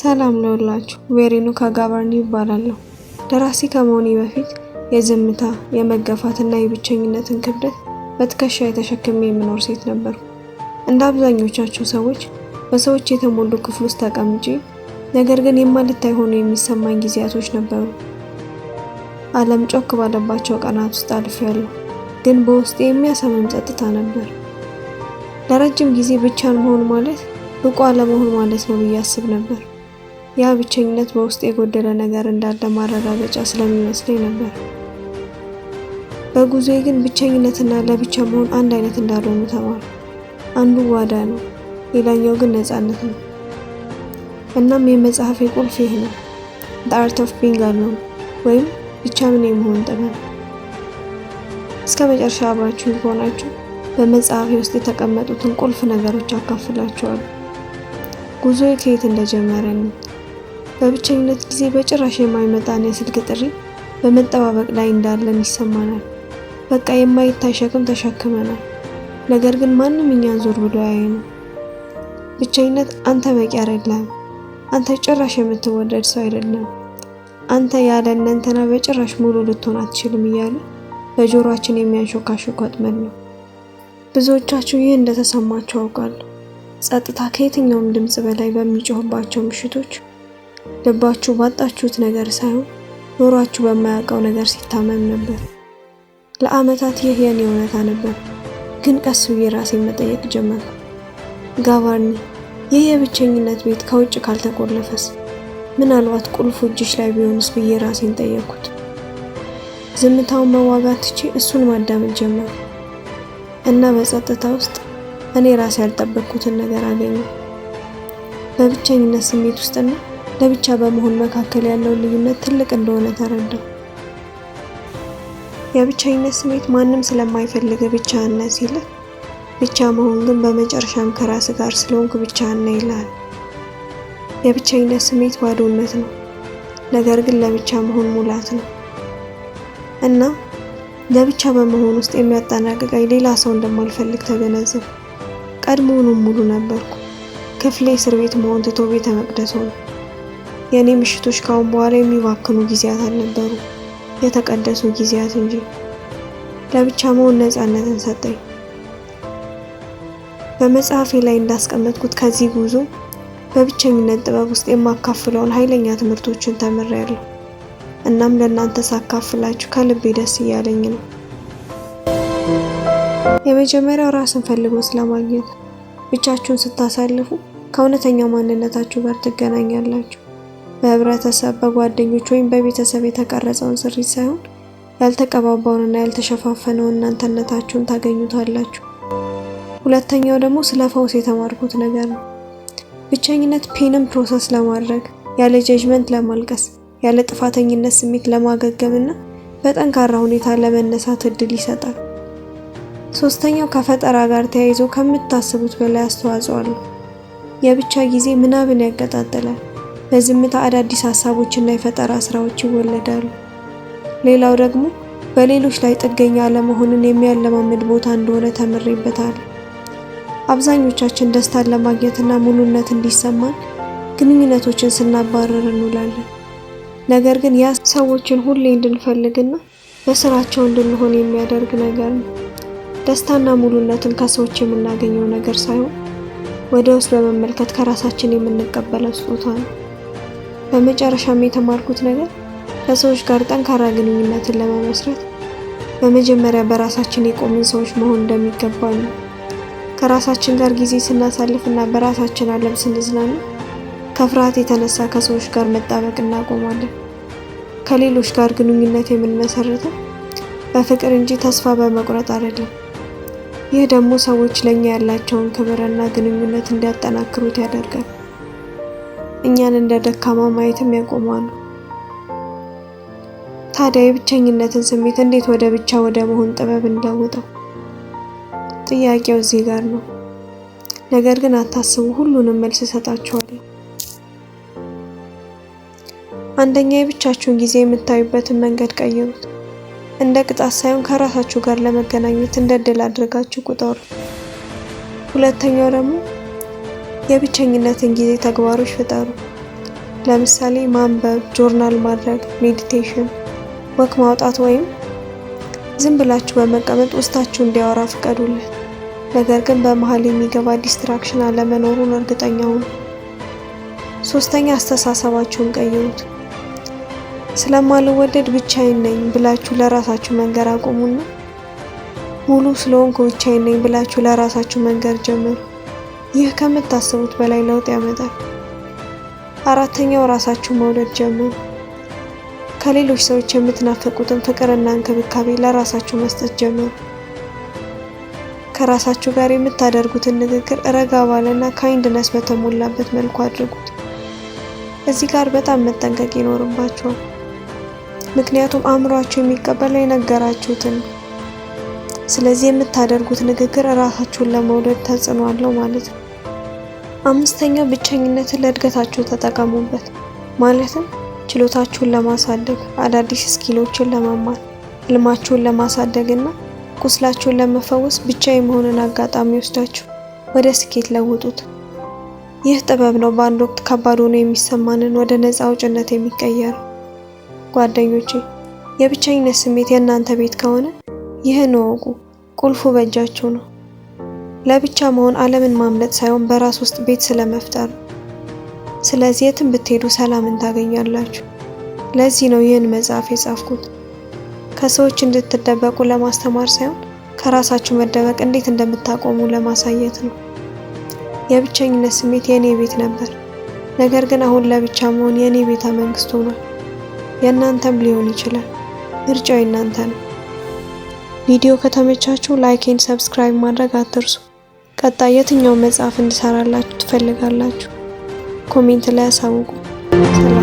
ሰላም ለውላችሁ ቬሮኒካ ጋባርኒ ይባላለሁ። ደራሲ ከመሆኔ በፊት የዝምታ የመገፋትና የብቸኝነትን ክብደት በትከሻ የተሸክሜ የምኖር ሴት ነበርኩ። እንደ አብዛኞቻቸው ሰዎች በሰዎች የተሞሉ ክፍል ውስጥ ተቀምጬ ነገር ግን የማልታይ ሆኖ የሚሰማኝ ጊዜያቶች ነበሩ። ዓለም ጮክ ባለባቸው ቀናት ውስጥ አልፌያለሁ፣ ግን በውስጤ የሚያሰምም ጸጥታ ነበር። ለረጅም ጊዜ ብቻን መሆን ማለት ብቁ አለመሆን ማለት ነው ብዬ አስብ ነበር። ያ ብቸኝነት በውስጥ የጎደለ ነገር እንዳለ ማረጋገጫ ስለሚመስለኝ ነበር። በጉዞ ግን ብቸኝነትና ለብቻ መሆን አንድ አይነት እንዳልሆኑ ተማሩ። አንዱ ጓዳ ነው፣ ሌላኛው ግን ነፃነት ነው። እናም የመጽሐፍ ቁልፍ ይህ ነው፣ ዘ አርት ኦፍ ቢንግ አሎን ወይም ብቻ ምን የመሆን ጥበብ። እስከ መጨረሻ አብራችሁ ከሆናችሁ በመጽሐፍ ውስጥ የተቀመጡትን ቁልፍ ነገሮች አካፍላችኋለሁ። ጉዞዬ ከየት እንደጀመረ በብቸኝነት ጊዜ በጭራሽ የማይመጣን የስልክ ጥሪ በመጠባበቅ ላይ እንዳለን ይሰማናል። በቃ የማይታይ ሸክም ተሸክመናል። ነገር ግን ማንም እኛን ዞር ብሎ ያየነው። ብቸኝነት አንተ በቂ አይደለም፣ አንተ ጭራሽ የምትወደድ ሰው አይደለም፣ አንተ ያለ እነንተና በጭራሽ ሙሉ ልትሆን አትችልም እያለ በጆሮአችን የሚያንሾካሾክ ወጥመድ ነው። ብዙዎቻችሁ ይህ እንደተሰማችሁ አውቃለሁ። ጸጥታ ከየትኛውም ድምፅ በላይ በሚጮህባቸው ምሽቶች ልባችሁ ባጣችሁት ነገር ሳይሆን ኑሯችሁ በማያውቀው ነገር ሲታመም ነበር። ለዓመታት ይህ የኔ እውነታ ነበር፣ ግን ቀስ ብዬ ራሴን መጠየቅ ጀመርኩ። ጋቫርኒ ይህ የብቸኝነት ቤት ከውጭ ካልተቆለፈስ፣ ምናልባት ቁልፉ እጅሽ ላይ ቢሆንስ ብዬ ራሴን ጠየቅኩት። ዝምታውን መዋጋት ትቼ እሱን ማዳመጥ ጀመር እና በጸጥታ ውስጥ እኔ ራሴ ያልጠበቅኩትን ነገር አገኘ። በብቸኝነት ስሜት ውስጥና ለብቻ በመሆን መካከል ያለው ልዩነት ትልቅ እንደሆነ ተረዳው። የብቸኝነት ስሜት ማንም ስለማይፈልግ ብቻ ነህ ሲልህ፣ ብቻ መሆን ግን በመጨረሻም ከራስ ጋር ስለሆንክ ብቻህን ነህ ይልሃል። የብቸኝነት ስሜት ባዶነት ነው፣ ነገር ግን ለብቻ መሆን ሙላት ነው እና ለብቻ በመሆን ውስጥ የሚያጠናቅቀኝ ሌላ ሰው እንደማልፈልግ ተገነዘብ። ቀድሞውኑም ሙሉ ነበርኩ። ክፍሌ እስር ቤት መሆን ትቶ ቤተ መቅደስ ሆነ። የእኔ ምሽቶች ካሁን በኋላ የሚባክኑ ጊዜያት አልነበሩ፣ የተቀደሱ ጊዜያት እንጂ። ለብቻ መሆን ነፃነትን ሰጠኝ። በመጽሐፌ ላይ እንዳስቀመጥኩት ከዚህ ጉዞ በብቸኝነት ጥበብ ውስጥ የማካፍለውን ኃይለኛ ትምህርቶችን ተምሬያለሁ። እናም ለእናንተ ሳካፍላችሁ ከልቤ ደስ እያለኝ ነው። የመጀመሪያው ራስን ፈልጎ ስለማግኘት ብቻችሁን ስታሳልፉ ከእውነተኛ ማንነታችሁ ጋር ትገናኛላችሁ። በህብረተሰብ በጓደኞች ወይም በቤተሰብ የተቀረጸውን ስሪት ሳይሆን ያልተቀባባውንና ያልተሸፋፈነውን እናንተነታችሁን ታገኙታላችሁ። ሁለተኛው ደግሞ ስለ ፈውስ የተማርኩት ነገር ነው። ብቸኝነት ፔንን ፕሮሰስ ለማድረግ ያለ ጀጅመንት ለማልቀስ ያለ ጥፋተኝነት ስሜት ለማገገምና በጠንካራ ሁኔታ ለመነሳት እድል ይሰጣል። ሶስተኛው ከፈጠራ ጋር ተያይዞ ከምታስቡት በላይ አስተዋጽኦ አለው። የብቻ ጊዜ ምናብን ያቀጣጥላል። በዝምታ አዳዲስ ሀሳቦችና የፈጠራ ስራዎች ይወለዳሉ። ሌላው ደግሞ በሌሎች ላይ ጥገኛ አለመሆንን የሚያለማምድ ቦታ እንደሆነ ተምሬበታለሁ። አብዛኞቻችን ደስታን ለማግኘትና ሙሉነት እንዲሰማን ግንኙነቶችን ስናባረር እንውላለን። ነገር ግን ያ ሰዎችን ሁሌ እንድንፈልግና በስራቸው እንድንሆን የሚያደርግ ነገር ነው። ደስታና ሙሉነትን ከሰዎች የምናገኘው ነገር ሳይሆን ወደ ውስጥ በመመልከት ከራሳችን የምንቀበለው ስጦታ ነው። በመጨረሻም የተማርኩት ነገር ከሰዎች ጋር ጠንካራ ግንኙነትን ለመመስረት በመጀመሪያ በራሳችን የቆምን ሰዎች መሆን እንደሚገባ ነው። ከራሳችን ጋር ጊዜ ስናሳልፍና በራሳችን ዓለም ስንዝናኑ ከፍርሃት የተነሳ ከሰዎች ጋር መጣበቅ እናቆማለን። ከሌሎች ጋር ግንኙነት የምንመሰረተው በፍቅር እንጂ ተስፋ በመቁረጥ አይደለም። ይህ ደግሞ ሰዎች ለእኛ ያላቸውን ክብርና ግንኙነት እንዲያጠናክሩት ያደርጋል። እኛን እንደ ደካማ ማየትም ያቆማሉ። ታዲያ የብቸኝነትን ስሜት እንዴት ወደ ብቻ ወደ መሆን ጥበብ እንለውጠው? ጥያቄው እዚህ ጋር ነው። ነገር ግን አታስቡ፣ ሁሉንም መልስ እሰጣችኋለሁ። አንደኛ የብቻችሁን ጊዜ የምታዩበትን መንገድ ቀይሩት። እንደ ቅጣት ሳይሆን ከራሳችሁ ጋር ለመገናኘት እንደ እድል አድርጋችሁ ቁጠሩ። ሁለተኛው ደግሞ የብቸኝነትን ጊዜ ተግባሮች ፍጠሩ። ለምሳሌ ማንበብ፣ ጆርናል ማድረግ፣ ሜዲቴሽን፣ ወክ ማውጣት ወይም ዝም ብላችሁ በመቀመጥ ውስጣችሁ እንዲያወራ ፍቀዱለት። ነገር ግን በመሀል የሚገባ ዲስትራክሽን አለመኖሩን እርግጠኛ ሁኑ። ሶስተኛ አስተሳሰባችሁን ቀይሩት። ስለማልወደድ ብቻዬን ነኝ ብላችሁ ለራሳችሁ መንገር አቁሙና ሙሉ ስለሆንኩ ብቻዬን ነኝ ብላችሁ ለራሳችሁ መንገር ጀምሩ። ይህ ከምታስቡት በላይ ለውጥ ያመጣል። አራተኛው ራሳችሁ መውደድ ጀምሩ። ከሌሎች ሰዎች የምትናፈቁትን ፍቅርና እንክብካቤ ለራሳችሁ መስጠት ጀምሩ። ከራሳችሁ ጋር የምታደርጉትን ንግግር ረጋ ባለና ካይንድነስ በተሞላበት መልኩ አድርጉት። እዚህ ጋር በጣም መጠንቀቅ ይኖርባችኋል፣ ምክንያቱም አእምሯችሁ የሚቀበለው የነገራችሁትን ነው። ስለዚህ የምታደርጉት ንግግር ራሳችሁን ለመውደድ ተጽዕኖ አለው ማለት ነው። አምስተኛው ብቸኝነትን ለእድገታችሁ ተጠቀሙበት። ማለትም ችሎታችሁን ለማሳደግ፣ አዳዲስ ስኪሎችን ለመማር፣ ህልማችሁን ለማሳደግ እና ቁስላችሁን ለመፈወስ ብቻ የመሆንን አጋጣሚ ወስዳችሁ ወደ ስኬት ለውጡት። ይህ ጥበብ ነው በአንድ ወቅት ከባድ ሆኖ የሚሰማንን ወደ ነፃ አውጭነት የሚቀየረው። ጓደኞቼ የብቸኝነት ስሜት የእናንተ ቤት ከሆነ ይህን እወቁ፣ ቁልፉ በእጃችሁ ነው። ለብቻ መሆን ዓለምን ማምለጥ ሳይሆን በራስ ውስጥ ቤት ስለመፍጠር ስለዚህ የትም ብትሄዱ ሰላምን ታገኛላችሁ። ለዚህ ነው ይህን መጽሐፍ የጻፍኩት፣ ከሰዎች እንድትደበቁ ለማስተማር ሳይሆን ከራሳችሁ መደበቅ እንዴት እንደምታቆሙ ለማሳየት ነው። የብቸኝነት ስሜት የእኔ ቤት ነበር፣ ነገር ግን አሁን ለብቻ መሆን የእኔ ቤተ መንግስት ሆኗል። የእናንተም ሊሆን ይችላል። ምርጫው የእናንተ ነው። ቪዲዮ ከተመቻችሁ ኤንድ ሰብስክራይብ ማድረግ አትርሱ። ቀጣይ የትኛውን መጽሐፍ እንድሰራላችሁ ትፈልጋላችሁ? ኮሜንት ላይ አሳውቁ።